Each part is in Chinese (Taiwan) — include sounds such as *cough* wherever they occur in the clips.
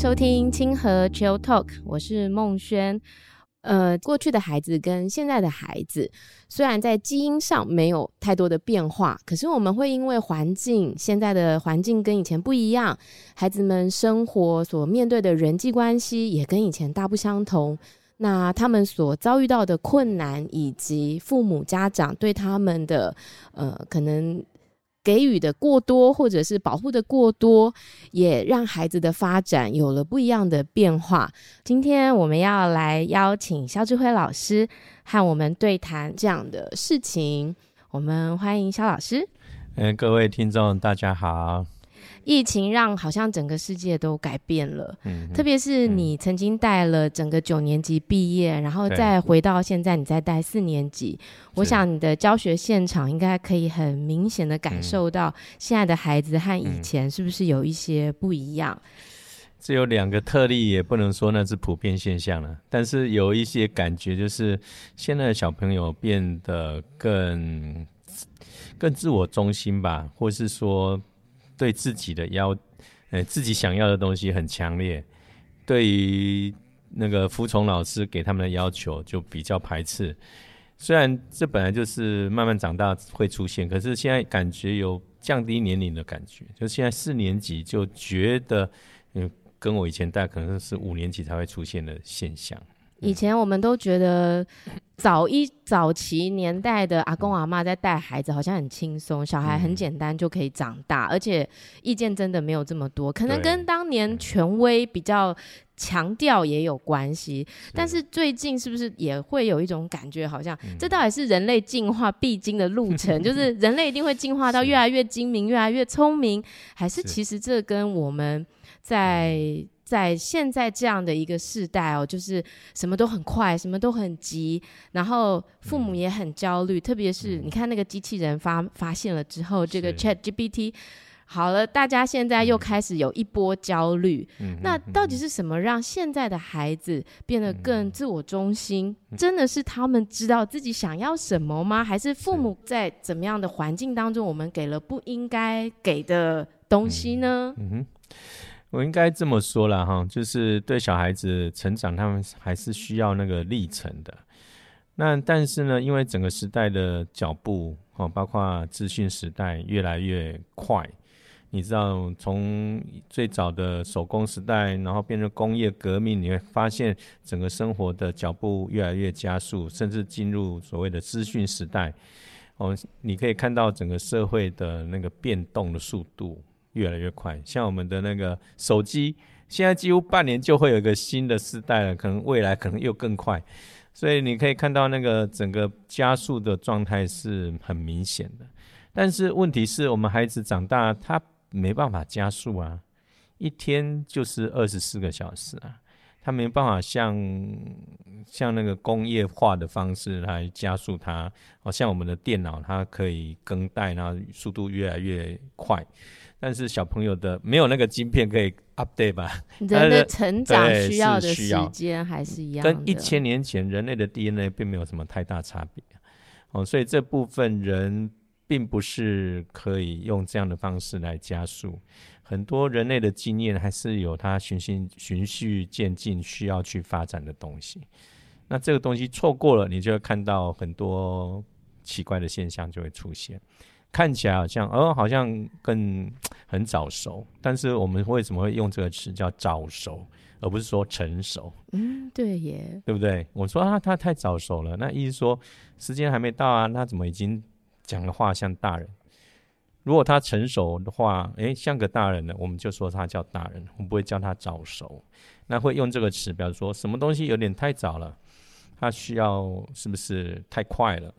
收聽清河 Chill Talk，我是孟軒。呃，過去的孩子跟現在的孩子，雖然在基因上沒有太多的變化，可是我們會因為環境，現在的環境跟以前不一樣，孩子們生活所面對的人際關係也跟以前大不相同。那他們所遭遇到的困難，以及父母家長對他們的呃，可能。給予的過多，或者是保護的過多，也讓孩子的發展有了不一樣的變化。今天我們要來邀請蕭志暉老師和我們對談這樣的事情。我們歡迎蕭老師。嗯、呃，各位聽眾，大家好。疫情讓好像整個世界都改變了，嗯、特別是你曾經帶了整個九年級畢業、嗯，然後再回到現在你再帶四年級，我想你的教學現場應該可以很明顯的感受到現在的孩子和以前是不是有一些不一樣？只、嗯嗯、有兩個特例，也不能說那是普遍現象了，但是有一些感覺就是現在的小朋友變得更更自我中心吧，或是說，對自己的要，呃，自己想要的東西很強烈，對於那個服從老師給他們的要求就比較排斥。雖然這本來就是慢慢長大會出現，可是現在感覺有降低年齡的感覺，就現在四年級就覺得，嗯，跟我以前大可能是五年級才會出現的現象。以前我們都覺得，早一早期年代的阿公阿媽在帶孩子好像很輕鬆，小孩很簡單就可以長大，嗯，而且意見真的沒有這麼多，可能跟當年權威比較強調也有關係。但是最近是不是也會有一種感覺，好像這到底是人類進化必經的路程，嗯，就是人類一定會進化到越來越精明， *laughs* 越來越聰明，還是其實這跟我們在？在在現在這樣的一個世代哦，就是什麼都很快，什麼都很急，然後父母也很焦慮。嗯、特別是你看那個機器人發發現了之後，嗯、這個 Chat GPT，好了，大家現在又開始有一波焦慮，嗯。那到底是什麼讓現在的孩子變得更自我中心，嗯？真的是他們知道自己想要什麼嗎？還是父母在怎麼樣的環境當中，我們給了不應該給的東西呢？嗯，嗯哼。我應該這麼說啦哈，就是對小孩子成長，他們還是需要那個歷程的。那但是呢，因為整個時代的腳步哦，包括資訊時代越來越快，你知道，從最早的手工時代，然後變成工業革命，你會發現整個生活的腳步越來越加速，甚至進入所謂的資訊時代。哦，你可以看到整個社會的那個變動的速度，越來越快，像我們的那個手機，現在幾乎半年就會有一個新的世代了，可能未來可能又更快，所以你可以看到那個整個加速的狀態是很明顯的。但是問題是我們孩子長大，他沒辦法加速啊，一天就是二十四個小時啊，他沒辦法像像那個工業化的方式來加速它，好像我們的電腦，它可以更代，然後速度越來越快。但是小朋友的沒有那個晶片可以 update 吧？人的成長需要的時間還是一樣的是，跟一千年前人類的 DNA 並沒有什麼太大差別。哦，所以這部分人並不是可以用這樣的方式來加速。很多人類的經驗還是有它循序循序漸進需要去發展的東西。那這個東西錯過了，你就會看到很多奇怪的現象就會出現。看起來好像，哦、呃，好像更很早熟。但是我們為什麼會用這個詞叫早熟，而不是說成熟？嗯，對耶，對不對？我說啊，他太早熟了。那意思說時間還沒到啊，他怎麼已經講的話像大人？如果他成熟的話，誒，像個大人了，我們就說他叫大人，我們不會叫他早熟。那會用這個詞表示說什麼東西有點太早了，他需要，是不是太快了？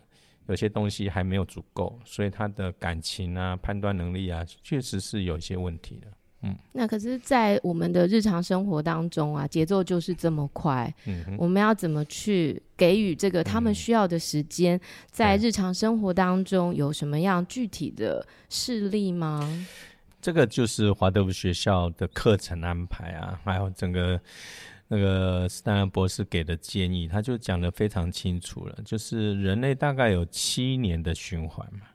有些東西還沒有足夠，所以他的感情啊、判斷能力啊，確實是有一些問題的。嗯，那可是，在我們的日常生活當中啊，節奏就是這麼快。嗯，我們要怎麼去給予這個他們需要的時間，嗯，在日常生活當中有什麼樣具體的事例嗎？這個就是華德福學校的課程安排啊，還有整個。那個斯坦恩博士給的建議，他就講得非常清楚了，就是人類大概有七年的循環嘛。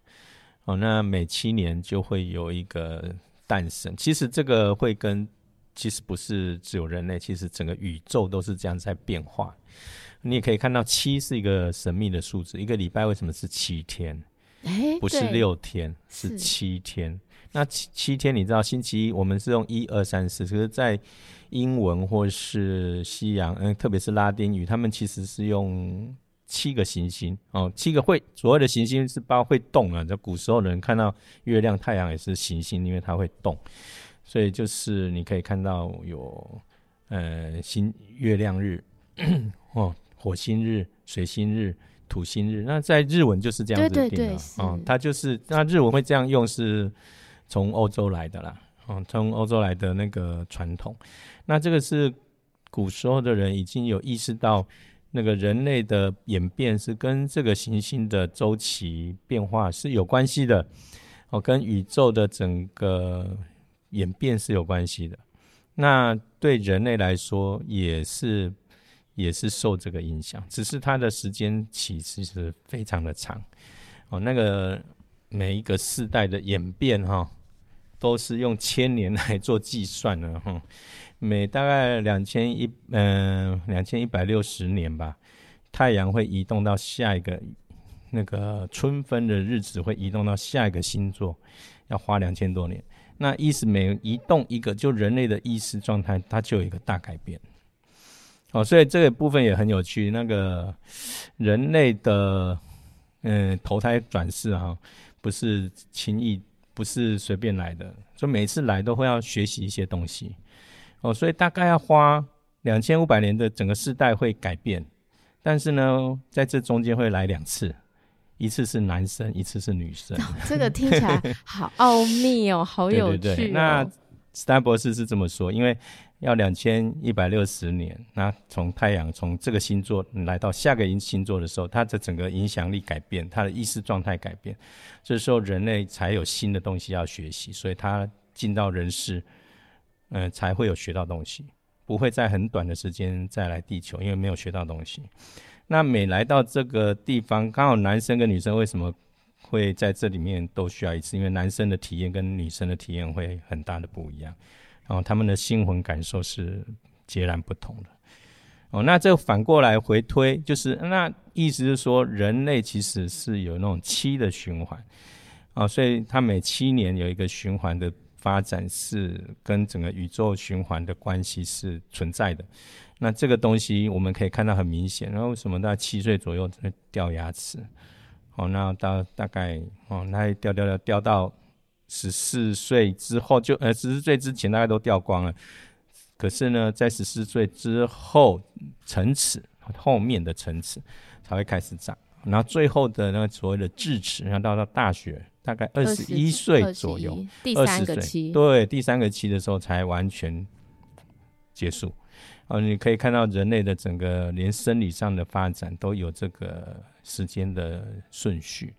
好、哦，那每七年就會有一個誕生。其實這個會跟，其實不是只有人類，其實整個宇宙都是這樣在變化。你也可以看到，七是一個神秘的數字。一個禮拜為什麼是七天？不是六天，欸、是七天。那七七天，你知道星期一我們是用一二三四，可是在英文或是西洋，嗯、呃，特別是拉丁語，他們其實是用七個行星哦，七個會所有的行星是包括會動啊。在古時候的人看到月亮、太陽也是行星，因為它會動，所以就是你可以看到有呃星、月亮、日哦，火星日、水星日、土星日。那在日文就是這樣子定的對對對哦，它就是那日文會這樣用，是從歐洲來的啦。嗯、哦，從歐洲來的那個傳統，那這個是古時候的人已經有意識到，那個人類的演變是跟這個行星的周期變化是有關係的，哦，跟宇宙的整個演變是有關係的。那對人類來說也是，也是受這個影響，只是它的時間其實是非常的長，哦，那個每一個世代的演變，哈、哦。都是用千年來做計算的哈、嗯，每大概兩千一，嗯，兩千一百六十年吧，太陽會移動到下一個那個春分的日子，會移動到下一個星座，要花兩千多年。那意思每移動一個，就人類的意識狀態，它就有一個大改變。哦，所以這個部分也很有趣。那個人類的嗯，投胎轉世哈、啊，不是輕易。不是隨便來的，就每次來都會要學習一些東西，哦，所以大概要花兩千五百年的整個世代會改變，但是呢，在這中間會來兩次，一次是男生，一次是女生。哦，這個聽起來好奧秘哦， *laughs* 好有趣，哦對對對。那史丹博士是這麼說，因為。要兩千一百六十年，那從太陽從這個星座來到下個星座的時候，它的整個影響力改變，它的意識狀態改變，這時候人類才有新的東西要學習，所以它進到人世，嗯、呃，才會有學到東西，不會在很短的時間再來地球，因為沒有學到東西。那每來到這個地方，剛好男生跟女生為什麼會在這裡面都需要一次？因為男生的體驗跟女生的體驗會很大的不一樣。哦，他們的心魂感受是截然不同的。哦，那這反過來回推，就是那意思是說，人類其實是有那種七的循環。哦，所以他每七年有一個循環的發展，是跟整個宇宙循環的關係是存在的。那這個東西我們可以看到很明顯。然後為什麼到七歲左右才會掉牙齒？哦，那到大概哦，那掉掉掉掉到。十四歲之後就呃，十四歲之前大概都掉光了。可是呢，在十四歲之後，恆齒後面的恆齒才會開始長，然後最後的那個所謂的智齒，然後到到大學大概二十一歲左右，二十歲對第三個七的時候才完全結束。然後你可以看到人類的整個連生理上的發展都有這個時間的順序。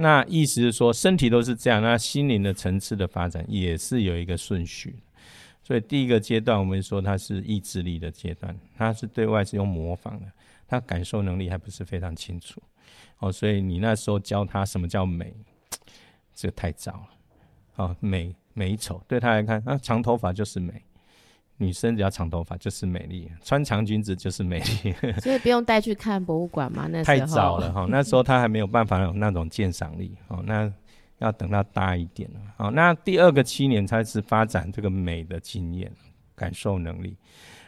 那意思是說，身體都是這樣，那心靈的層次的發展也是有一個順序的。所以第一個階段，我們說它是意志力的階段，它是對外是用模仿的，它感受能力還不是非常清楚。哦，所以你那時候教他什麼叫美，這個太早了。好，哦，美美醜對他來看，啊，長頭髮就是美。女生只要長頭髮就是美麗，穿長裙子就是美麗，所以不用帶去看博物館嘛？那時候太早了哈， *laughs* 哦，那時候他還沒有辦法有那種鑑賞力哦。那要等到大一點了，哦，那第二個七年才是發展這個美的經驗、感受能力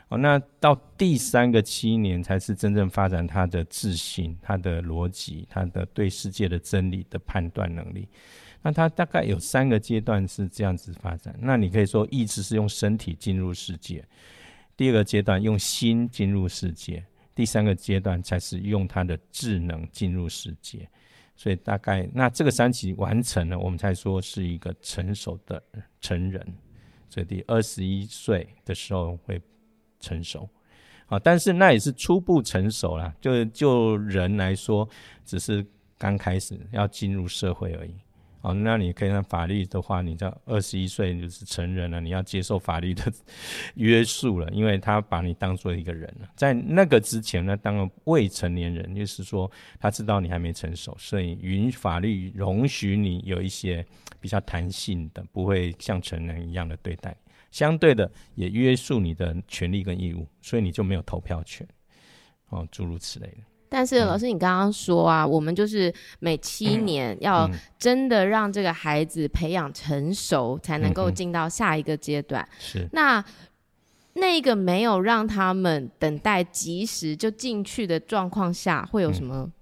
哦。那到第三個七年才是真正發展他的自信、他的邏輯、他的對世界的真理的判斷能力。那它大概有三個階段是這樣子發展。那你可以說，意志是用身體進入世界；第二個階段，用心進入世界；第三個階段才是用它的智能進入世界。所以大概那這個三級完成了，我們才說是一個成熟的成人。所以第二十一歲的時候會成熟。好，但是那也是初步成熟啦。就就人來說，只是剛開始要進入社會而已。哦，那你可以看法律的話，你到二十一歲就是成人了，你要接受法律的約束了，因為他把你當做一個人了。在那個之前呢，當未成年人，就是說他知道你還沒成熟，所以允法律容許你有一些比較彈性的，不會像成人一樣的對待。相對的，也約束你的權利跟義務，所以你就沒有投票權，哦，諸如此類的。但是老師，你剛剛說啊、嗯，我們就是每七年要真的讓這個孩子培養成熟，才能夠進到下一個階段。嗯嗯嗯、是。那那個沒有讓他們等待及時就進去的狀況下，會有什麼？嗯、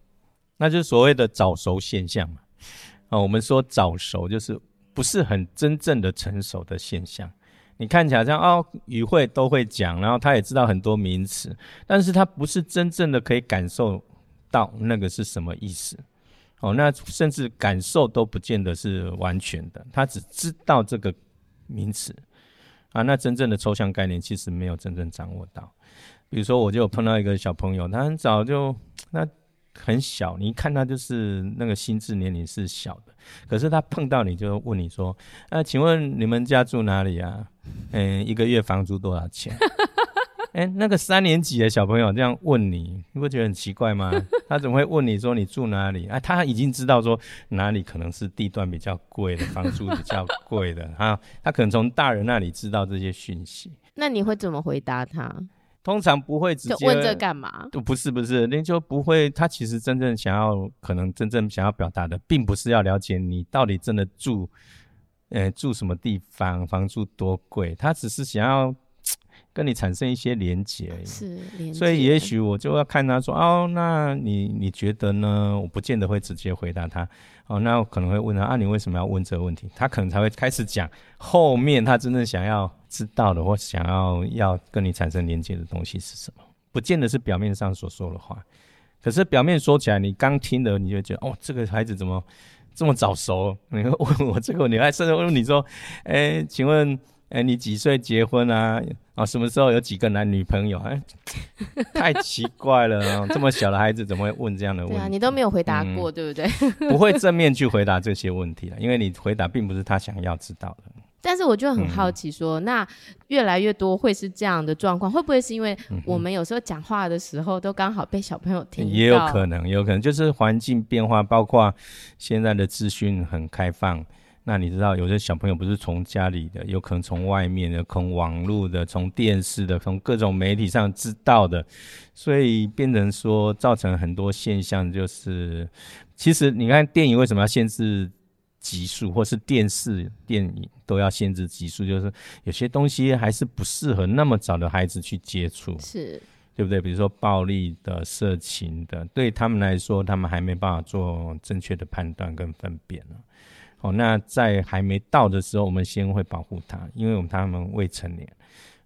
那就是所謂的早熟現象嘛。啊、哦，我們說早熟就是不是很真正的成熟的現象。你看起來像樣哦，語彙都會講，然後他也知道很多名詞，但是他不是真正的可以感受到那個是什麼意思，哦，那甚至感受都不見得是完全的，他只知道這個名詞，啊，那真正的抽象概念其實沒有真正掌握到。比如說，我就有碰到一個小朋友，他很早就那。很小，你一看他就是那個心智年齡是小的，可是他碰到你就問你說：“那、呃、請問你們家住哪裡啊？嗯、欸，一個月房租多少錢？”哎、欸，那個三年級的小朋友這樣問你，你不覺得很奇怪嗎？他怎麼會問你說你住哪裡？啊、欸，他已經知道說哪裡可能是地段比較貴的，房租比較貴的哈、啊，他可能從大人那裡知道這些訊息。那你會怎麼回答他？通常不會直接問這幹嘛？都不，不是，不是，那就不會。他其實真正想要，可能真正想要表達的，並不是要了解你到底真的住，呃，住什麼地方，房租多貴。他只是想要。跟你產生一些連接，是連接，所以也許我就要看他說哦，那你你覺得呢？我不見得會直接回答他。哦，那我可能會問他啊，你為什麼要問這個問題？他可能才會開始講後面他真正想要知道的或想要要跟你產生連接的東西是什麼？不見得是表面上所說的話，可是表面說起來，你剛聽的你就覺得哦，這個孩子怎麼這麼早熟？你會問我這個問題，還甚至問你說，誒、欸，請問？哎、欸，你幾歲結婚啊？啊、喔，什麼時候有幾個男女朋友？哎、欸，太奇怪了、喔、 *laughs* 這麼小的孩子怎麼會問這樣的問題？啊、你都沒有回答過、嗯，對不對？不會正面去回答這些問題了， *laughs* 因為你回答並不是他想要知道的。但是我就很好奇說，說、嗯、那越來越多會是這樣的狀況，會不會是因為我們有時候講話的時候都剛好被小朋友聽到、嗯？也有可能，有可能就是環境變化，包括現在的資訊很開放。那你知道，有些小朋友不是從家裡的，有可能從外面的，從網絡的，從電視的，從各種媒體上知道的，所以變成說造成很多現象，就是其實你看電影為什麼要限制級數，或是電視電影都要限制級數，就是有些東西還是不適合那麼早的孩子去接觸，是，對不對？比如說暴力的、色情的，對他們來說，他們還沒辦法做正確的判斷跟分辨。哦，那在還沒到的時候，我們先會保護他，因為我們他們未成年，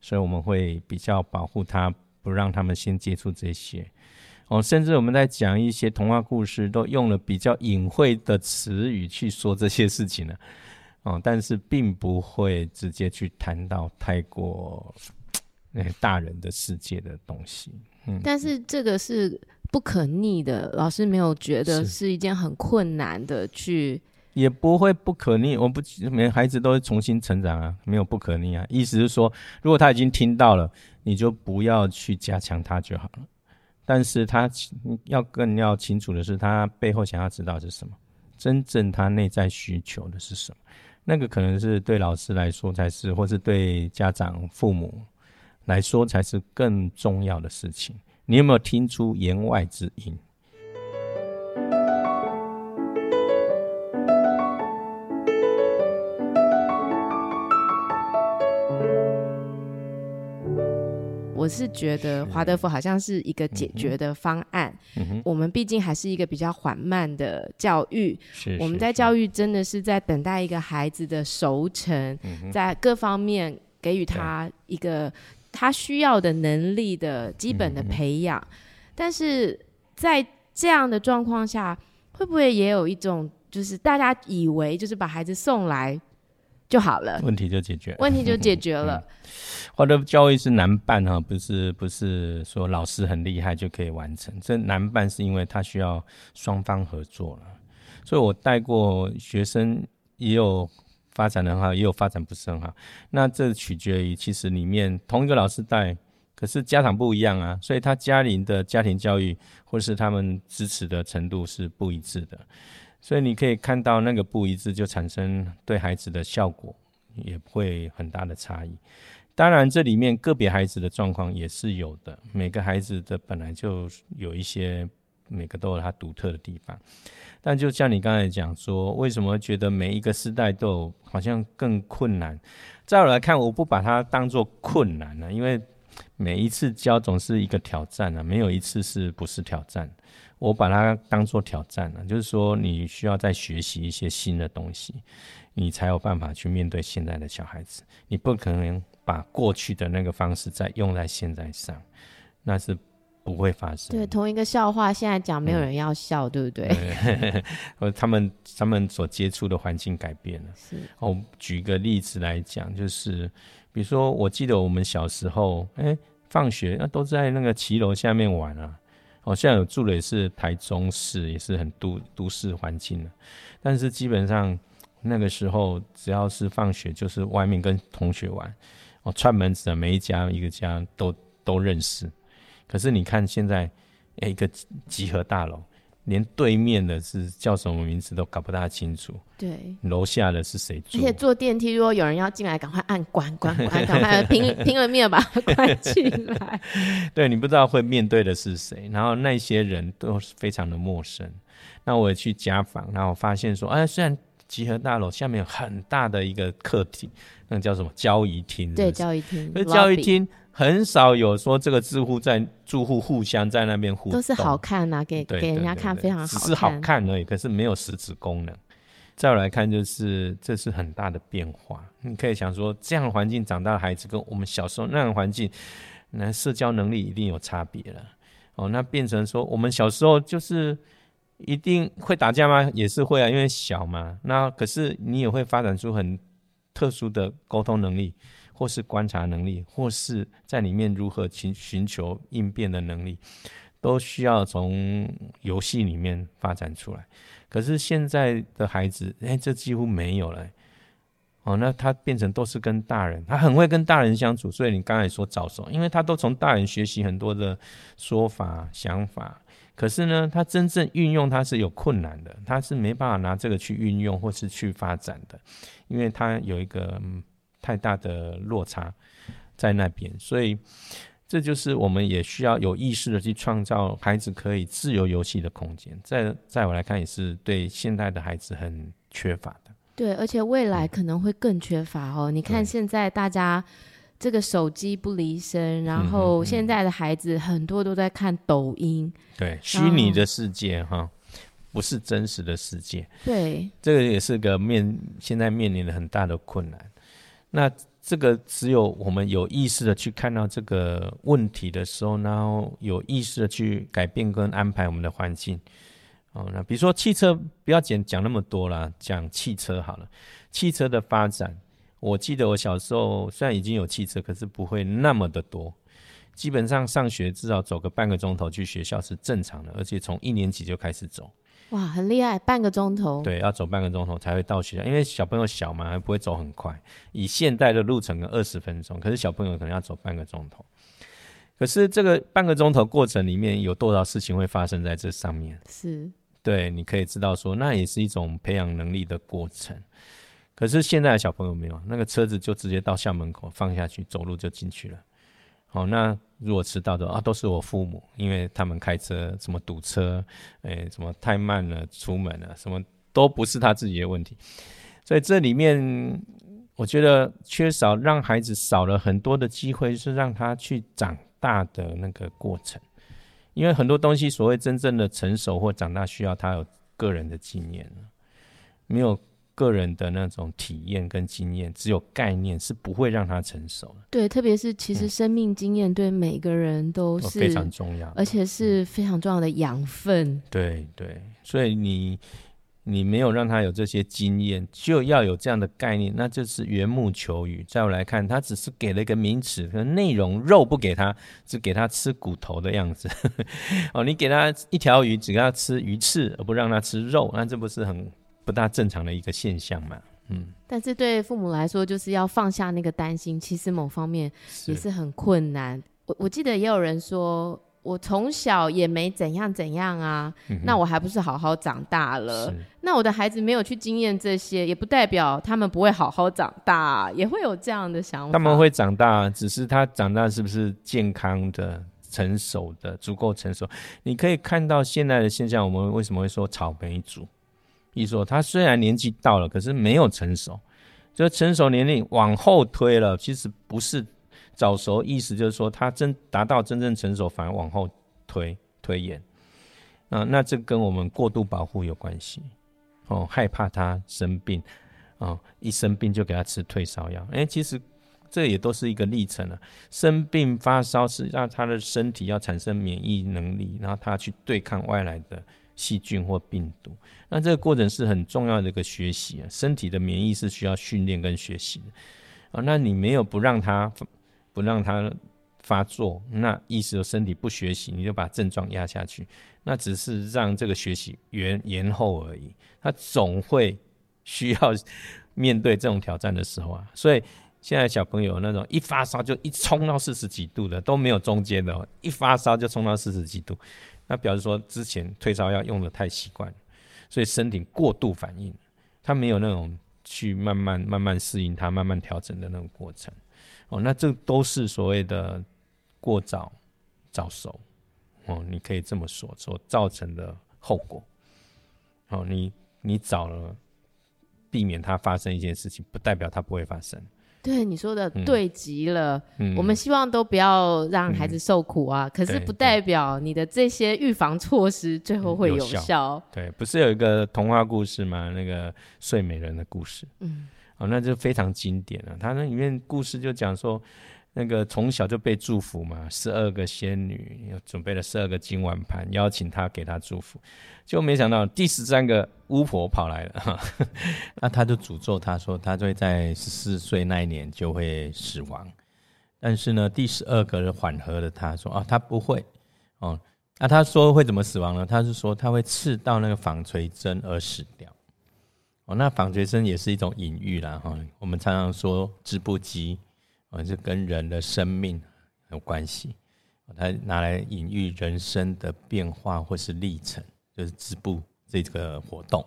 所以我們會比較保護他，不讓他們先接觸這些。哦，甚至我們在講一些童話故事，都用了比較隱晦的詞語去說這些事情呢。哦，但是並不會直接去談到太過，大人的世界的東西。嗯，但是這個是不可逆的，嗯，老師沒有覺得是一件很困難的去。也不會不可逆，我不每孩子都會重新成長啊，沒有不可逆啊。意思是說，如果他已經聽到了，你就不要去加強他就好了。但是他要更要清楚的是，他背後想要知道的是什麼，真正他內在需求的是什麼，那個可能是對老師來說才是，或是對家長、父母來說才是更重要的事情。你有沒有聽出言外之音？我是覺得華德福好像是一個解決的方案。嗯、我們畢竟還是一個比較緩慢的教育是是，我們在教育真的是在等待一個孩子的熟成，在各方面給予他一個他需要的能力的基本的培養。但是在這樣的狀況下，會不會也有一種就是大家以為就是把孩子送來？就好了，問題就解決，嗯、問題就解決了。嗯嗯、我的教育是難辦哈、啊，不是不是說老師很厲害就可以完成，這難辦是因為他需要雙方合作了。所以我帶過學生也有發展很好，也有發展不是很好。那這取決於其實裡面同一個老師帶，可是家長不一樣啊，所以他家庭的家庭教育或是他們支持的程度是不一致的。所以你可以看到那個不一致，就產生對孩子的效果也會很大的差異。當然，這裡面個別孩子的狀況也是有的，每個孩子的本來就有一些，每個都有他獨特的地方。但就像你剛才講說，為什麼覺得每一個時代都有好像更困難？在我來看，我不把它當做困難了啊，因為。每一次教總是一個挑戰啊，沒有一次是不是挑戰？我把它當做挑戰了，啊，就是說你需要再學習一些新的東西，你才有辦法去面對現在的小孩子。你不可能把過去的那個方式再用在現在上，那是不會發生的。對，同一個笑話現在講沒有人要笑，嗯、對不對？對對對，呵呵，他們他們所接觸的環境改變了。是，我舉個例子來講，就是比如說，我記得我們小時候，哎、欸。放學那、啊、都在那個騎樓下面玩啊，我、哦、現在有住的也是台中市，也是很都都市環境了、啊，但是基本上那個時候只要是放學就是外面跟同學玩，哦，串門子的，每一家每一個家都都認識，可是你看現在、欸、一個集合大樓。連對面的是叫什麼名字都搞不大清楚。對，樓下的是誰？而且坐電梯，如果有人要進來，趕快按關關關，趕 *laughs* 快的拼 *laughs* 拼了命的把他關起來。 *laughs* 對，你不知道會面對的是誰，然後那些人都非常的陌生。那我也去家訪，然後我發現說，哎、啊，雖然集合大樓下面有很大的一個客廳，那個、叫什麼交誼廳？對，交誼廳。交誼廳。很少有說這個住戶在住戶互相在那邊互動，都是好看吶、啊，給對對對對對給人家看，非常好看，是好看而已，可是沒有實質功能。再來看，就是這是很大的變化。你可以想說，這樣環境長大的孩子，跟我們小時候那樣環境，那社交能力一定有差別了。哦，那變成說，我們小時候就是一定會打架嗎？也是會啊，因為小嘛。那可是你也會發展出很特殊的溝通能力。或是觀察能力，或是在裡面如何尋尋求應變的能力，都需要從遊戲裡面發展出來。可是現在的孩子，哎、欸，這幾乎沒有了、欸。哦，那他變成都是跟大人，他很會跟大人相處，所以你剛才說早熟，因為他都從大人學習很多的說法、想法。可是呢，他真正運用他是有困難的，他是沒辦法拿這個去運用或是去發展的，因為他有一個，嗯太大的落差在那邊，所以這就是我們也需要有意識的去創造孩子可以自由遊戲的空間。在在我來看，也是對現代的孩子很缺乏的。對，而且未來可能會更缺乏哦。嗯，你看現在大家這個手機不離身，嗯，然後現在的孩子很多都在看抖音，嗯嗯，對，虛擬的世界哈，不是真實的世界。對，這個也是個面，現在面臨的很大的困難。那這個只有我們有意識的去看到這個問題的時候，然後有意識的去改變跟安排我們的環境。哦，那比如說汽車，不要講講那麼多了，講汽車好了。汽車的發展，我記得我小時候雖然已經有汽車，可是不會那麼的多。基本上上學至少走個半個鐘頭去學校是正常的，而且從一年級就開始走。哇，很厲害，半個鐘頭。對，要走半個鐘頭才會到學校，因為小朋友小嘛，還不會走很快。以現代的路程個二十分鐘，可是小朋友可能要走半個鐘頭。可是這個半個鐘頭過程裡面有多少事情會發生在這上面？是，對，你可以知道說，那也是一種培養能力的過程。可是現在的小朋友沒有，那個車子就直接到校門口放下去，走路就進去了。好，那。如果遲到的啊，都是我父母，因為他們開車什麼堵車，誒、哎，什麼太慢了，出門了，什麼都不是他自己的問題。所以這裡面，我覺得缺少讓孩子少了很多的機會，是讓他去長大的那個過程。因為很多東西，所謂真正的成熟或長大，需要他有個人的經驗，沒有。個人的那種體驗跟經驗，只有概念是不會讓他成熟的。對，特別是其實生命經驗對每個人都是、嗯、都非常重要，而且是非常重要的養分。嗯、對對，所以你你沒有讓他有這些經驗，就要有這樣的概念，那就是緣木求魚。在我來看，他只是給了一個名詞，可內容肉不給他，只給他吃骨頭的樣子。 *laughs* 哦，你給他一條魚，只給他吃魚刺而不讓他吃肉，那這不是很？不大正常的一個現象嘛，嗯，但是對父母來說，就是要放下那個擔心，其實某方面也是很困難。我我記得也有人說，我從小也沒怎樣怎樣啊，嗯，那我還不是好好長大了？那我的孩子沒有去經驗這些，也不代表他們不會好好長大，也會有這樣的想法。他們會長大，只是他長大是不是健康的、成熟的、足夠成熟？你可以看到現在的現象，我們為什麼會說草莓族？意思說，他雖然年紀到了，可是沒有成熟。這成熟年齡往後推了，其實不是早熟。意思就是說，他真達到真正成熟，反而往後推推延。啊、呃，那這跟我們過度保護有關係。哦，害怕他生病，哦，一生病就給他吃退燒藥。誒，其實這也都是一個歷程了、啊。生病發燒是讓他的身體要產生免疫能力，然後他去對抗外來的。細菌或病毒，那這個過程是很重要的一個學習啊。身體的免疫是需要訓練跟學習的啊。那你沒有不讓它，不讓它發作，那意思就身體不學習，你就把症狀壓下去，那只是讓這個學習延延後而已。它總會需要面對這種挑戰的時候啊，所以。現在小朋友那種一發燒就一衝到四十幾度的，都沒有中間的。一發燒就衝到四十幾度，那表示說之前退燒藥用得太習慣，所以身體過度反應，他沒有那種去慢慢慢慢適應他慢慢調整的那種過程哦。那這都是所謂的過早早熟哦，你可以這麼說所造成的後果。好、哦，你你早了，避免他發生一件事情，不代表他不會發生。對，你說的對極了、嗯，我們希望都不要讓孩子受苦啊、嗯。可是不代表你的這些預防措施最後會有效、嗯、有效。對，不是有一個童話故事嗎？那個睡美人的故事，嗯，哦，那就非常經典了、啊。它那裡面故事就講說。那個從小就被祝福嘛，十二個仙女又準備了十二個金碗盤，邀請他給他祝福，結果沒想到第十三個巫婆跑來了 *laughs* *laughs* 那他就詛咒他說，他就會在十四歲那一年就會死亡。但是呢，第十二個緩和了，他說啊，他不會哦。那他說會怎麼死亡呢？他是說他會刺到那個紡錘針而死掉。哦，那紡錘針也是一種隱喻啦哈、哦。我們常常說織布機。啊，是跟人的生命有關係，他拿來隱喻人生的變化或是歷程，就是織布這個活動。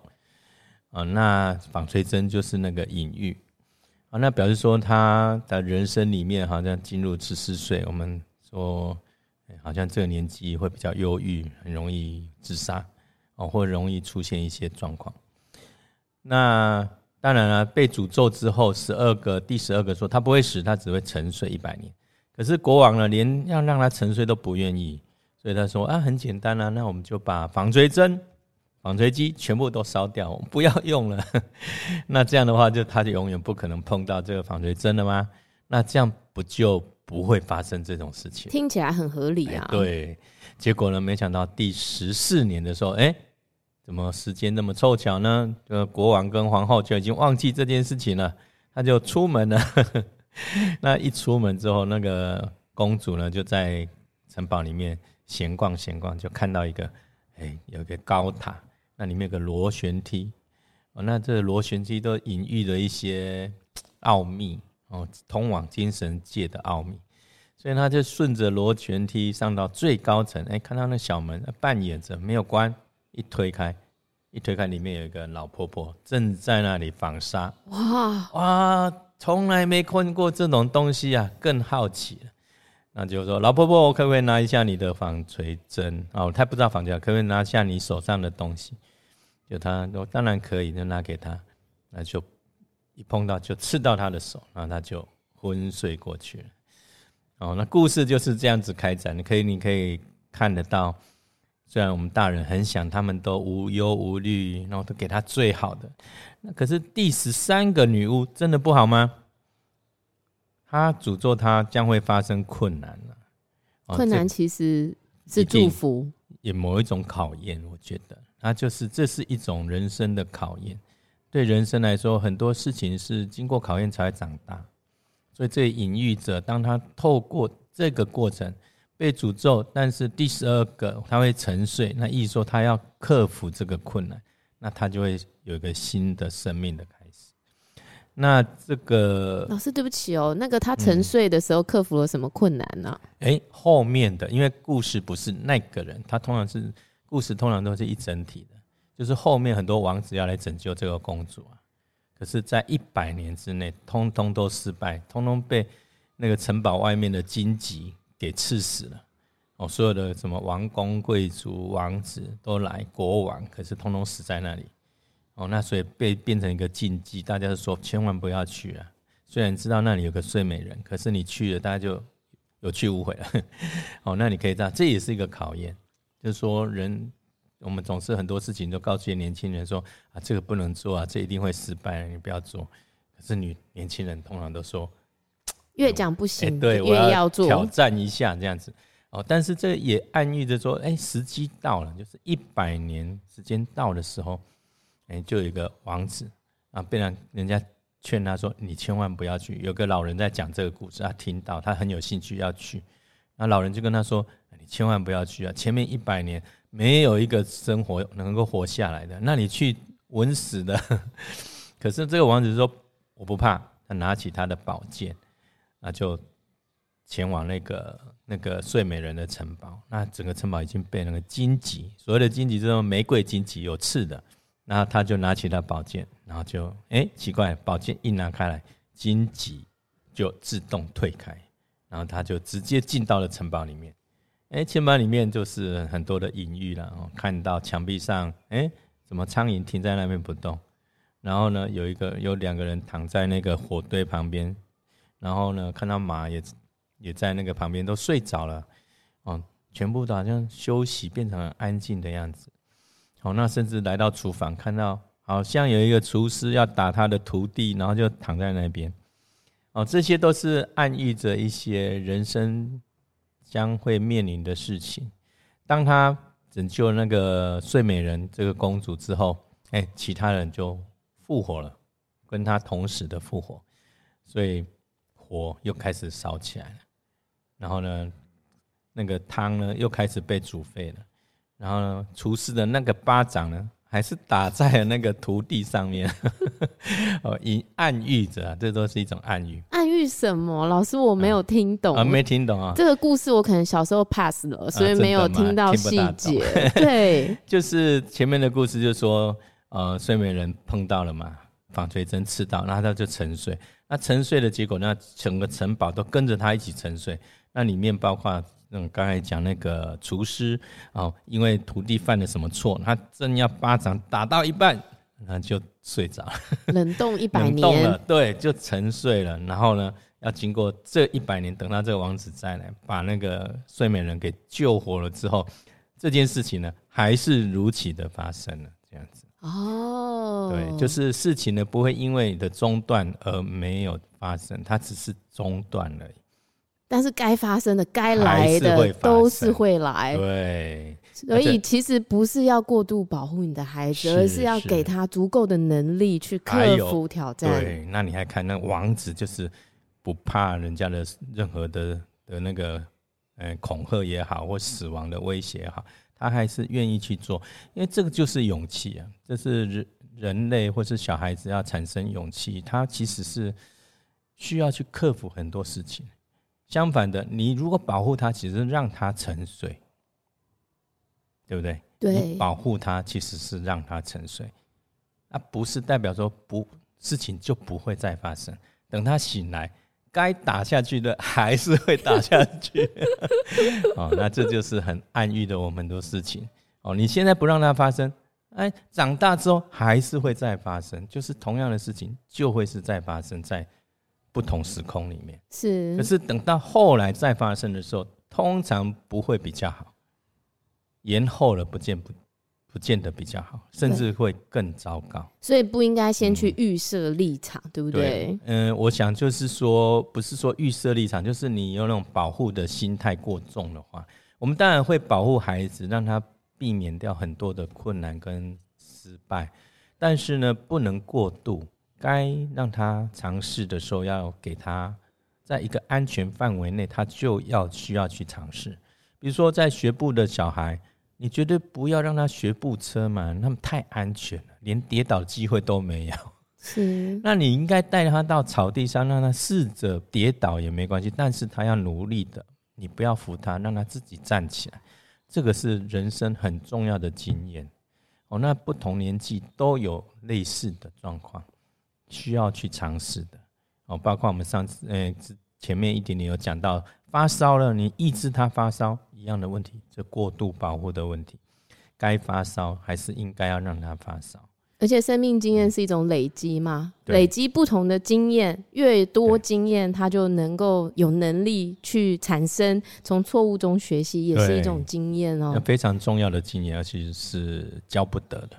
啊，那紡錘針就是那個隱喻啊，那表示說他的人生裡面好像進入十四歲，我們說好像這個年紀會比較憂鬱，很容易自殺哦，或容易出現一些狀況。那當然了、啊，被詛咒之後，十二個，第十二個說他不會死，他只會沉睡一百年。可是國王呢，連要讓他沉睡都不願意，所以他說啊，很簡單啊，那我們就把紡錘針、紡錘機全部都燒掉，我們不要用了。 *laughs* 那這樣的話，就他就永遠不可能碰到這個紡錘針了嗎？那這樣不就不會發生這種事情？聽起來很合理啊。哎、對，結果呢，沒想到第十四年的時候，哎、欸。怎麼時間那麼湊巧呢？呃，國王跟皇後就已經忘記這件事情了，他就出門了呵呵。那一出門之後，那個公主呢，就在城堡裡面閒逛閒逛，就看到一個，哎，有一個高塔，那裡面有個螺旋梯。哦，那這個螺旋梯都隱喻了一些奧秘哦，通往精神界的奧秘。所以她就順着螺旋梯上到最高層，哎，看到那小門半掩着，沒有關。一推開，一推開，裡面有一個老婆婆正在那裡紡紗。哇哇，從來沒看過這種東西啊，更好奇了。那就說老婆婆，我可不可以拿一下你的紡錘針？哦，她不知道紡錘，可不可以拿下你手上的東西？就他，我當然可以，就拿給他。那就一碰到就刺到他的手，然後他就昏睡過去了。哦，那故事就是這樣子開展。你可以，你可以看得到，雖然我們大人很想他們都無憂無慮，然後都給他最好的，那可是第十三個女巫真的不好嗎？她詛咒她將會發生困難了、啊。困難其實是祝福，哦、也某一種考驗。我覺得，那就是這是一種人生的考驗。對人生來說，很多事情是經過考驗才會長大。所以這隱喻著，當她透過這個過程。被詛咒，但是第十二個他會沉睡，那意思說他要克服這個困難，那他就會有一個新的生命的開始。那這個老師對不起哦、喔，那個他沉睡的時候克服了什麼困難呢、啊？哎、嗯欸，後面的，因為故事不是那個人，他通常是故事通常都是一整體的，就是後面很多王子要來拯救這個公主啊，可是，在一百年之內，通通都失敗，通通被那個城堡外面的荊棘，給刺死了哦，所有的什麼王公貴族、王子都來，國王可是通通死在那裡哦。那所以被變成一個禁忌，大家都說千萬不要去啊。雖然知道那裡有個睡美人，可是你去了，大家就有去無回了呵呵哦。那你可以知道，這也是一個考驗，就是說人，我們總是很多事情都告訴一些年輕人說啊，這個不能做啊，這一定會失敗啊，你不要做。可是你年輕人通常都說。越講不行、欸對，越要做要挑戰一下這樣子哦、喔。但是這也暗喻着說，哎、欸，時機到了，就是一百年時間到的時候，哎、欸，就有一個王子啊，被人，人家勸他說：“你千萬不要去。”有個老人在講這個故事，他聽到他很有興趣要去，那老人就跟他說：“你千萬不要去啊！前面一百年沒有一個生活能夠活下來的，那你去穩死的。呵呵”可是這個王子說：“我不怕。”他拿起他的寶劍。他就前往那個那個睡美人的城堡。那整個城堡已經被那個荊棘，所謂的荊棘，這種玫瑰荊棘有刺的。然後他就拿起了寶劍，然後就哎、欸、奇怪，寶劍一拿開來，荊棘就自動退開。然後他就直接進到了城堡裡面。哎、欸，城堡裡面就是很多的隱喻了。哦，看到牆壁上，哎、欸，什麼蒼蠅停在那邊不動。然後呢，有一個、有兩個人躺在那個火堆旁邊。然後呢，看到馬也也在那個旁邊都睡着了，哦，全部都好像休息，變成了安靜的樣子。哦，那甚至來到廚房，看到好像有一個廚師要打他的徒弟，然後就躺在那邊。哦，這些都是暗喻着一些人生將會面臨的事情。當他拯救那個睡美人這個公主之後，哎，其他人就復活了，跟他同時的復活。所以。火又開始燒起來了，然後呢，那個湯呢又開始被煮沸了，然後呢廚師的那個巴掌呢，還是打在了那個徒弟上面，哦， *laughs* *laughs* 以暗喻着，這都是一種暗喻。暗喻什麼？老師我沒有聽懂、嗯、啊，沒聽懂啊。這個故事我可能小時候 pass 了，所以沒有聽到細節、啊。對， *laughs* 就是前面的故事，就是說，呃，睡美人碰到了嘛，紡錘針刺到，然後他就沉睡。那沉睡的結果，那整個城堡都跟着他一起沉睡。那裡面包括嗯，剛才講那個廚師哦，因為徒弟犯了什麼錯，他正要巴掌打到一半，他就睡着了。 *laughs* 冷凍一百年。冷凍了，對，就沉睡了。然後呢，要經過這一百年，等到這個王子再來，把那個睡美人給救活了之後，這件事情呢，還是如期的發生了，這樣子。哦、oh,，對，就是事情呢不會因為你的中斷而沒有發生，它只是中斷了。但是該發生的、該來的都是,是都是會來。對，所以其實不是要過度保護你的孩子，而是要給他足夠的能力去克服挑戰。是是對，那你還看那王子就是不怕人家的任何的的那個，嗯、欸，恐嚇也好，或死亡的威脅也好。他還是願意去做，因為這個就是勇氣啊！這是人人類或是小孩子要產生勇氣，他其實是需要去克服很多事情。相反的，你如果保護他，其實讓他沉睡，對不對？對，你保護他其實是讓他沉睡，那不，不是代表說不事情就不會再發生，等他醒來，該打下去的還是會打下去 *laughs* *laughs* 哦，那這就是很暗喻的，我們很多事情，哦，你現在不讓它發生，哎、欸，長大之後還是會再發生，就是同樣的事情就會是再發生在不同時空裡面，是，可是等到後來再發生的時候，通常不會比較好，延後了不見不見。不見得比較好，甚至會更糟糕。所以不應該先去預設立場，對、嗯、不對？嗯、呃，我想就是說，不是說預設立場，就是你有那種保護的心態過重的話，我們當然會保護孩子，讓他避免掉很多的困難跟失敗。但是呢，不能過度，該讓他嘗試的時候，要給他在一個安全範圍內，他就要需要去嘗試。比如說，在學步的小孩。你絕對不要讓他學步車嘛，他們太安全了，連跌倒機會都沒有。是，那你應該帶他到草地上，讓他試着跌倒也沒關係，但是他要努力的，你不要扶他，讓他自己站起來，這個是人生很重要的經驗。哦，那不同年紀都有類似的狀況，需要去嘗試的。哦，包括我們上次，嗯，前面一點點有講到。發燒了，你抑制他發燒一樣的問題，這過度保護的問題，該發燒還是應該要讓他發燒。而且，生命經驗是一種累積嘛，嗯、累積不同的經驗，越多經驗，他就能夠有能力去產生，從錯誤中學習，也是一種經驗哦、喔。那非常重要的經驗，而且是教不得的，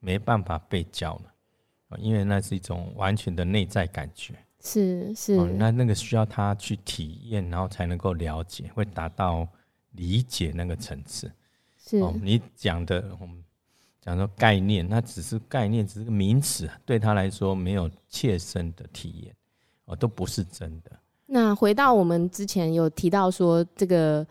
沒辦法被教了。因為那是一種完全的內在感覺。是是、哦，那那個需要他去體驗，然後才能夠了解，會達到理解那個層次。是，哦、你講的我們講說概念，那只是概念，只是個名詞，對他來說沒有切身的體驗，哦，都不是真的。那回到我們之前有提到說這個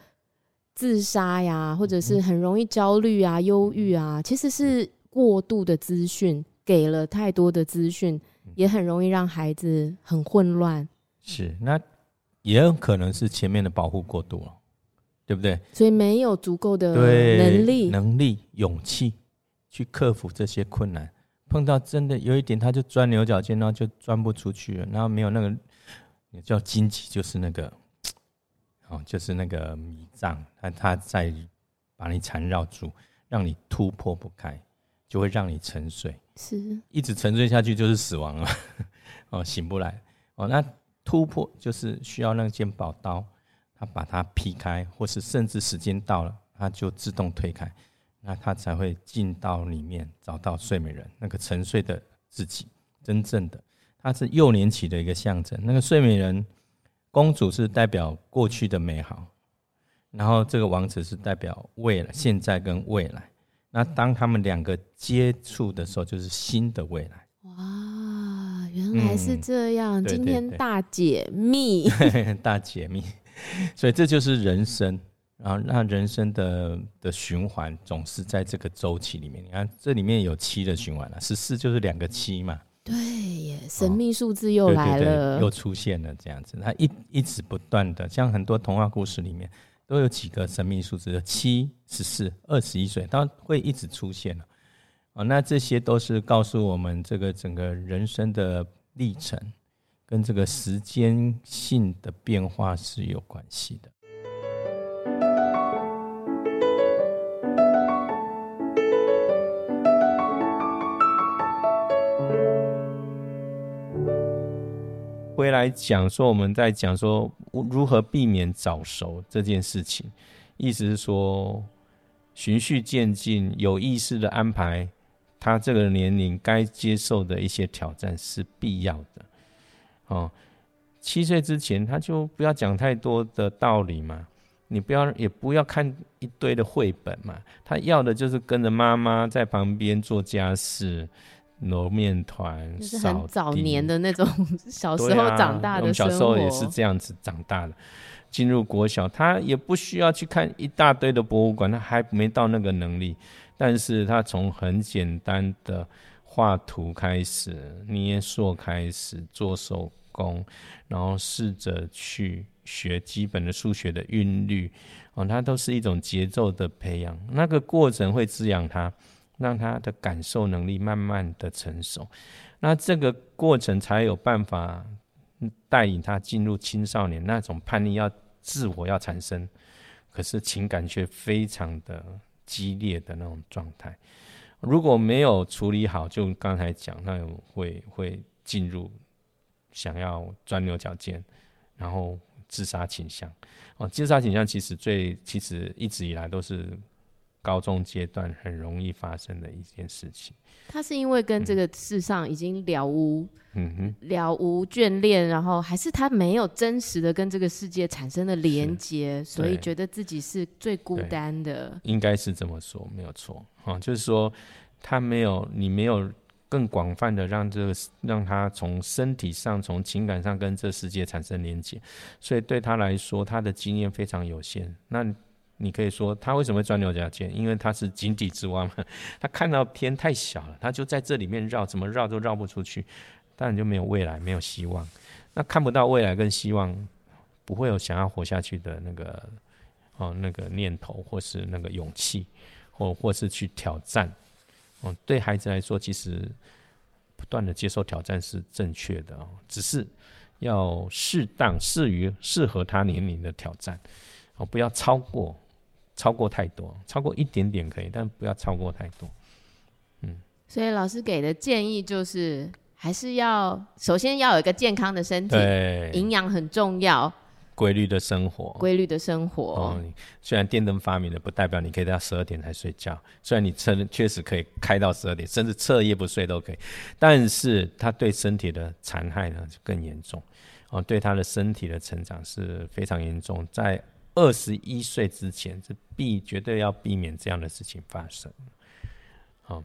自殺呀，或者是很容易焦慮啊、憂、嗯、鬱、嗯、啊，其實是過度的資訊，給了太多的資訊。也很容易讓孩子很混亂，是，那也有可能是前面的保護過度了，對不對？所以沒有足夠的能力、能力、勇氣去克服這些困難。碰到真的有一點，他就鑽牛角尖，然後就鑽不出去了。然後沒有那個也叫荊棘，就是那個哦，就是那個迷障，他他在把你纏繞住，讓你突破不開，就會讓你沉睡。是，一直沉睡下去就是死亡了， *laughs* 哦，醒不來，哦，那突破就是需要那件寶刀，他把它劈開，或是甚至時間到了，他就自動推開，那他才會進到裡面，找到睡美人那個沉睡的自己，真正的，它是幼年期的一個象徵。那個睡美人公主是代表過去的美好，然後這個王子是代表未來、現在跟未來。那當他們兩個接觸的時候，就是新的未來。哇，原來是這樣！嗯、今天大解密，對對對 *laughs* 大解密。所以這就是人生啊，那人生的的循環總是在這個周期裡面。你看，這裡面有七的循環了、啊，十四就是兩個七嘛。對耶，神秘數字又來了、哦對對對，又出現了這樣子，它一一直不斷的，像很多童話故事裡面。都有幾個神秘數字：七、十四、二十一歲，它會一直出現啊！那這些都是告訴我們這個整個人生的歷程，跟這個時間性的變化是有關係的。來講說，我們在講說如何避免早熟這件事情，意思是說，循序漸進、有意識的安排，他這個年齡該接受的一些挑戰是必要的。哦，七歲之前，他就不要講太多的道理嘛，你不要也不要看一堆的繪本嘛，他要的就是跟着媽媽在旁邊做家事。揉麵團，就是、很早年的那種。小時候長大的，時候、啊，小時候也是這樣子長大的。進入國小，他也不需要去看一大堆的博物館，他還沒到那個能力。但是他從很簡單的畫圖開始，捏塑開始做手工，然後試着去學基本的數學的韻律，哦，他都是一種節奏的培養，那個過程會滋養他。讓他的感受能力慢慢的成熟，那這個過程才有辦法帶領他進入青少年那種叛逆，要自我要產生，可是情感卻非常的激烈的那種狀態。如果沒有處理好，就剛才講那種會會進入想要鑽牛角尖，然後自殺傾向。哦，自殺傾向其實最其實一直以來都是。高中階段很容易發生的一件事情，他是因為跟這個世上已經了無，嗯哼，了無眷戀，然後還是他沒有真實的跟這個世界產生了連接，所以覺得自己是最孤單的，應該是這麼說，沒有錯啊，就是說他沒有，你沒有更廣泛的讓這個讓他從身體上、從情感上跟這世界產生連接，所以對他來說，他的經驗非常有限。那。你可以說他為什麼會鑽牛角尖？因為他是井底之蛙嘛，他看到天太小了，他就在這裡面繞，怎麼繞都繞不出去，當然就沒有未來，沒有希望。那看不到未來跟希望，不會有想要活下去的那個哦那個念頭，或是那個勇氣，或或是去挑戰。嗯，哦，對孩子來說，其實不斷的接受挑戰是正確的哦，只是要適當適於適合他年齡的挑戰，哦，不要超過。超過太多，超過一點點可以，但不要超過太多。嗯，所以老師給的建議就是，還是要首先要有一個健康的身體，對，營養很重要，規律的生活，規律的生活。哦，雖然電燈發明的不代表你可以到十二點才睡覺。雖然你徹確實可以開到十二點，甚至徹夜不睡都可以，但是他對身體的殘害呢就更嚴重。哦，對他的身體的成長是非常嚴重，在。二十一歲之前是必絕對要避免這樣的事情發生。好、哦，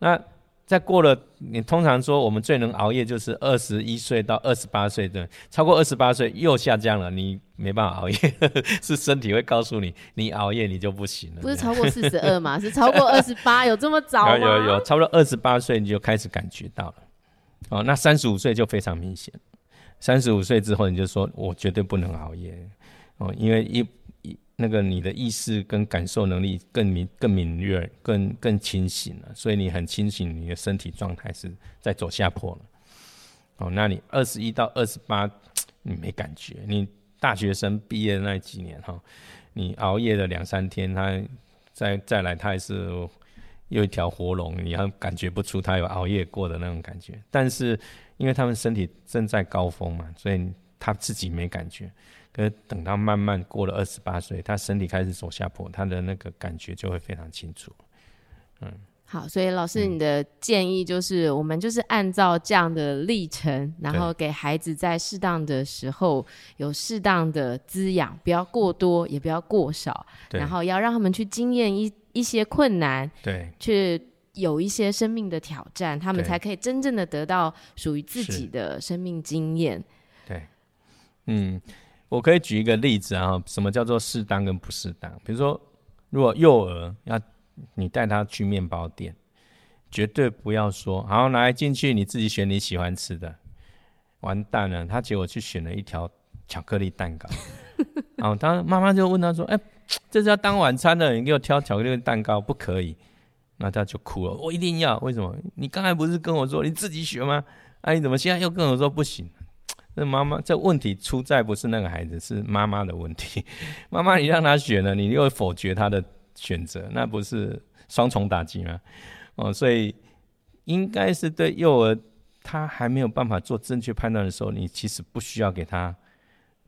那再過了，你通常說我們最能熬夜就是二十一歲到二十八歲，對，超過二十八歲又下降了，你沒辦法熬夜呵呵，是身體會告訴你，你熬夜你就不行了。不是超過四十二嘛？ *laughs* 是超過二十八，有這麼早嗎？有有有，差不多二十八歲你就開始感覺到了。哦，那三十五歲就非常明顯，三十五歲之後你就說我絕對不能熬夜。哦，因為一一那個你的意識跟感受能力更敏更敏銳、更更，更清醒了，所以你很清醒，你的身體狀態是在走下坡了。哦，那你二十一到二十八，你沒感覺。你大學生畢業那幾年哈，哦，你熬夜了兩三天，他再再來，他還是有一條活龍，你要感覺不出他有熬夜過的那種感覺。但是因為他們身體正在高峰嘛，所以。他自己沒感覺，可是等到慢慢過了二十八歲，他身體開始走下坡，他的那個感覺就會非常清楚。嗯，好，所以老師你的建議就是，我們就是按照這樣的歷程，嗯，然後給孩子在適當的時候有適當的滋養，不要過多，也不要過少，然後要讓他們去經驗一一些困難，對，去有一些生命的挑戰，他們才可以真正的得到屬於自己的生命經驗。嗯，我可以舉一個例子啊，什麼叫做適當跟不適當？比如說，如果幼兒要你帶他去麵包店，絕對不要說“好，來進去，你自己選你喜歡吃的”。完蛋了，他結果去選了一條巧克力蛋糕。 *laughs* 然後他媽媽就問他說：“哎、欸，這是要當晚餐的，你給我挑巧克力蛋糕不可以？”那他就哭了，我一定要。為什麼？你剛才不是跟我說你自己選嗎？那、啊、你怎麼現在又跟我說不行？那媽媽，這問題出在不是那個孩子，是媽媽的問題。媽媽，你讓他選了，你又否決他的選擇，那不是雙重打擊嗎？哦，所以應該是對幼兒，他還沒有辦法做正確判斷的時候，你其實不需要給他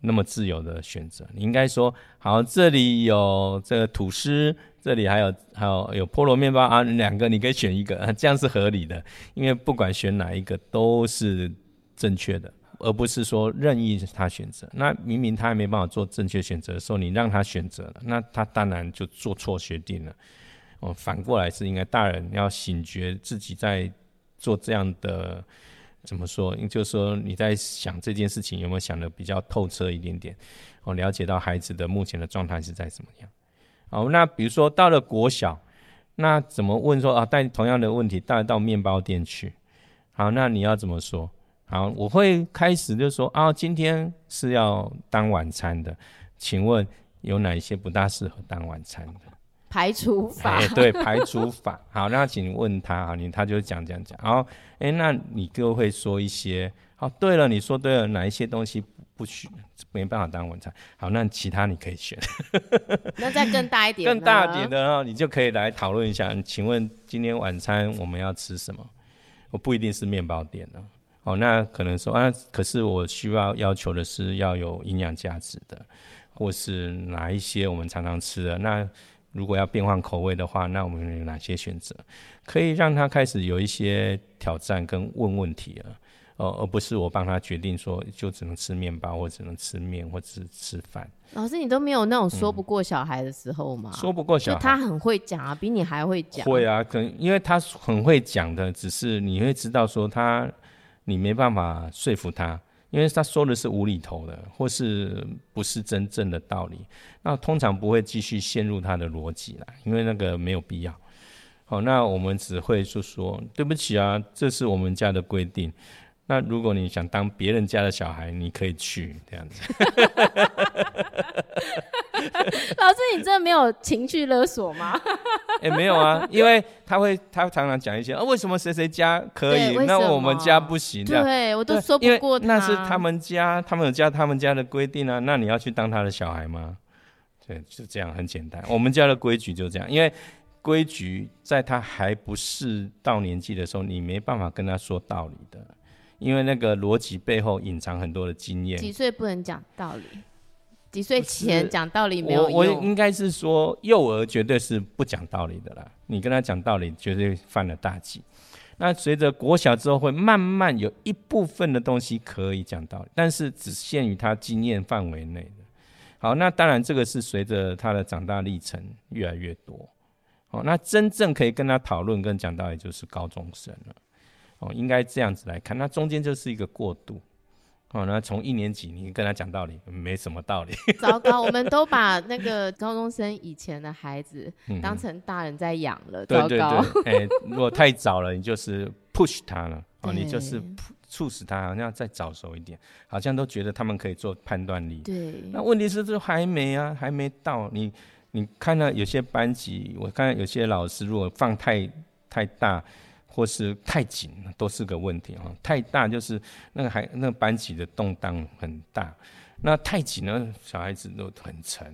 那麼自由的選擇。你應該說：好，這裡有這個吐司，這裡還有還有有菠蘿麵包啊，兩個你可以選一個啊，這樣是合理的，因為不管選哪一個都是正確的。而不是說任意他選擇，那明明他還沒辦法做正確選擇的時候，你讓他選擇了，那他當然就做錯決定了。哦，反過來是應該大人要醒覺自己在做這樣的。怎麼說？就是說你在想這件事情有沒有想得比較透徹一點點？我、哦、了解到孩子的目前的狀態是在怎麼樣？哦，那比如說到了國小，那怎麼問說啊？帶同樣的問題帶到面包店去，好，那你要怎麼說？好，我會開始就說啊、哦，今天是要當晚餐的，請問有哪一些不大適合當晚餐的？排除法？哎、對，排除法。 *laughs* 好，那請問他啊，你他就講講講。然、哎、欸，那你就會說一些，哦，對了，你說對了，哪一些東西不許沒辦法當晚餐？好，那其他你可以選。 *laughs* 那再更大一點？更大一點的，然後你就可以來討論一下。請問今天晚餐我們要吃什麼？我不一定是麵包店呢。哦，那可能說啊，可是我需要要求的是要有營養價值的，或是哪一些我們常常吃的。那如果要變換口味的話，那我們有哪些選擇？可以讓他開始有一些挑戰跟問問題了，哦、呃，而不是我幫他決定說就只能吃麵包或只能吃麵或只吃飯。老師，你都沒有那種說不過小孩的時候嗎？嗯、說不過小孩，他很會講啊，比你還會講。會啊，可能因為他很會講的，只是你會知道說他。你沒辦法說服他，因為他說的是無厘頭的，或是不是真正的道理。那通常不會繼續陷入他的邏輯啦，因為那個沒有必要。好、哦，那我們只會就說，對不起啊，這是我們家的規定。那如果你想當別人家的小孩，你可以去，這樣子。 *laughs* *laughs* 老師，你真的沒有情緒勒索嗎？也、 *laughs* 欸、沒有啊，因為他會，他常常講一些啊，為什麼誰誰家可以，那我們家不行？對，我都說不過他。那是他們家，他們有家他們家的規定啊，那你要去當他的小孩嗎？對，就這樣，很簡單。我們家的規矩就這樣，因為規矩在他還不是到年紀的時候，你沒辦法跟他說道理的，因為那個邏輯背後隱藏很多的經驗。幾歲不能講道理？幾歲前講道理沒有意義，我我應該是說，幼兒絕對是不講道理的啦。你跟他講道理，絕對犯了大忌。那隨着國小之後，會慢慢有一部分的東西可以講道理，但是只限於他經驗範圍內。好，那當然這個是隨着他的長大歷程越來越多。哦，好，那真正可以跟他討論跟講道理，就是高中生了。哦，應該這樣子來看，那中間就是一個過渡。哦，那從一年級你跟他講道理，沒什麼道理。糟糕， *laughs* 我們都把那個高中生以前的孩子當成大人在養了，嗯。糟糕，對對對，哎， *laughs* 欸，如果太早了，你就是 push 他了，哦，你就是促使他，好像再早熟一點，好像都覺得他們可以做判斷力。對。那問題是這還沒啊，還沒到。你你看到有些班級，我看有些老師如果放太太大，或是太緊都是個問題哦，太大就是那個孩，那個班級的動盪很大，那太緊呢，小孩子都很沉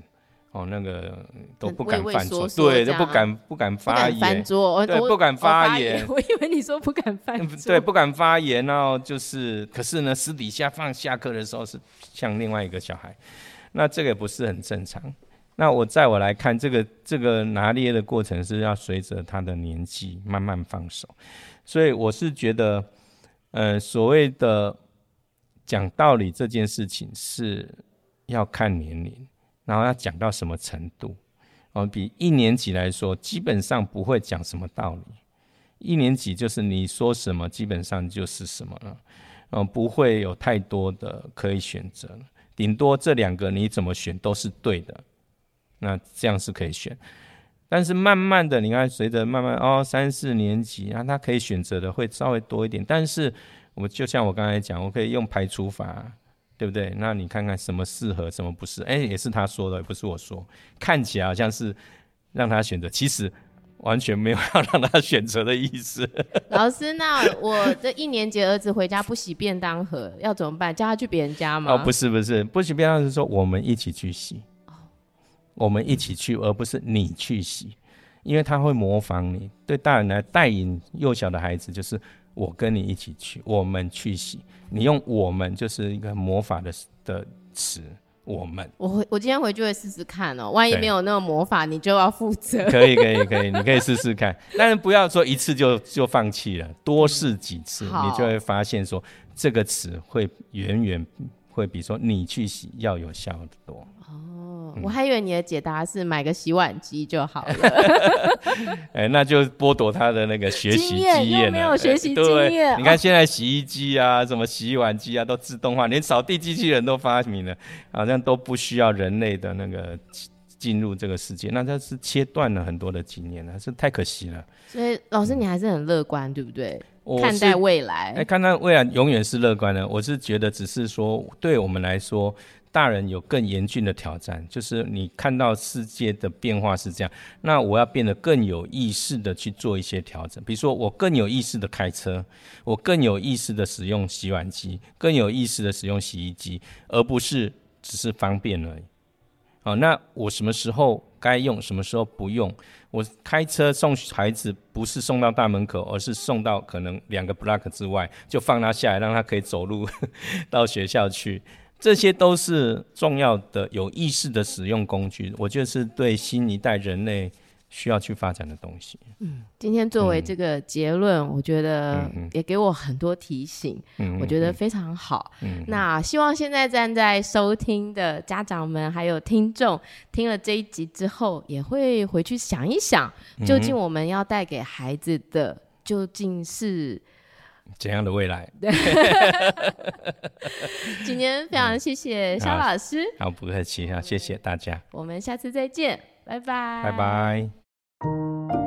哦，那個都不敢犯錯。對，都不敢，不敢發言，對，不敢發言。我以為你說不敢犯，對，不敢發言，然後就是，可是呢，私底下放下課的時候是像另外一個小孩，那這個也不是很正常。那我在我來看，這個這個拿捏的過程是要隨着他的年紀慢慢放手，所以我是覺得，呃，所謂的講道理這件事情是要看年齡，然後要講到什麼程度。哦，比一年級來說，基本上不會講什麼道理。一年級就是你說什麼，基本上就是什麼了，嗯，不會有太多的可以選擇，頂多這兩個你怎麼選都是對的。那這樣是可以選，但是慢慢的，你看，隨着慢慢哦，三四年級啊，他可以選擇的會稍微多一點。但是我就像我剛才講，我可以用排除法，對不對？那你看看什麼適合，什麼不是？哎、欸，也是他說的，也不是我說。看起來好像是讓他選擇，其實完全沒有要讓他選擇的意思。老師，那我這一年級兒子回家不洗便當盒， *laughs* 要怎麼辦？叫他去別人家嗎？哦，不是，不是，不洗便當是說我們一起去洗。我們一起去，而不是你去洗，因為他會模仿你。對大人來帶引幼小的孩子，就是我跟你一起去，我們去洗。你用“我們”就是一個魔法的的詞，“我們”。我回，我今天回去會試試看哦、喔，萬一沒有那個魔法，你就要負責。可以可以可以，你可以試試看， *laughs* 但是不要說一次就就放棄了，多試幾次、嗯，你就會發現說這個詞會遠遠會比說你去洗要有效的多。哦。我還以為你的解答是買個洗碗機就好了、嗯。哎、 *laughs* 欸，那就剝奪他的那個學習經驗了。沒有學習經驗、欸嗯。你看現在洗衣機啊，什麼洗碗機啊，都自動化，哦、連掃地機器人都發明了，好像都不需要人類的那個進入這個世界。那它是切斷了很多的經驗、啊，那是太可惜了。所以老師，你還是很樂觀、嗯，對不對？我看待未來。哎、欸，看待未來永遠是樂觀的。我是覺得，只是說對我們來說。大人有更嚴峻的挑戰，就是你看到世界的變化是這樣，那我要變得更有意識的去做一些調整。比如說，我更有意識的開車，我更有意識的使用洗碗機，更有意識的使用洗衣機，而不是只是方便而已。好，那我什麼時候該用，什麼時候不用？我開車送孩子，不是送到大門口，而是送到可能兩個 block 之外，就放他下來，讓他可以走路 *laughs* 到學校去。這些都是重要的、有意識的使用工具，我覺得是對新一代人類需要去發展的東西。嗯，今天作為這個結論，嗯，我覺得也給我很多提醒，嗯嗯，我覺得非常好，嗯嗯。那希望現在站在收聽的家長們還有聽眾，嗯嗯，聽了這一集之後，也會回去想一想，究竟我們要帶給孩子的究竟是怎樣的未來？對， *laughs* *laughs* 今年非常謝謝蕭老師。嗯，好，好不客氣哈，謝謝大家，我們下次再見，拜拜，拜拜。拜拜。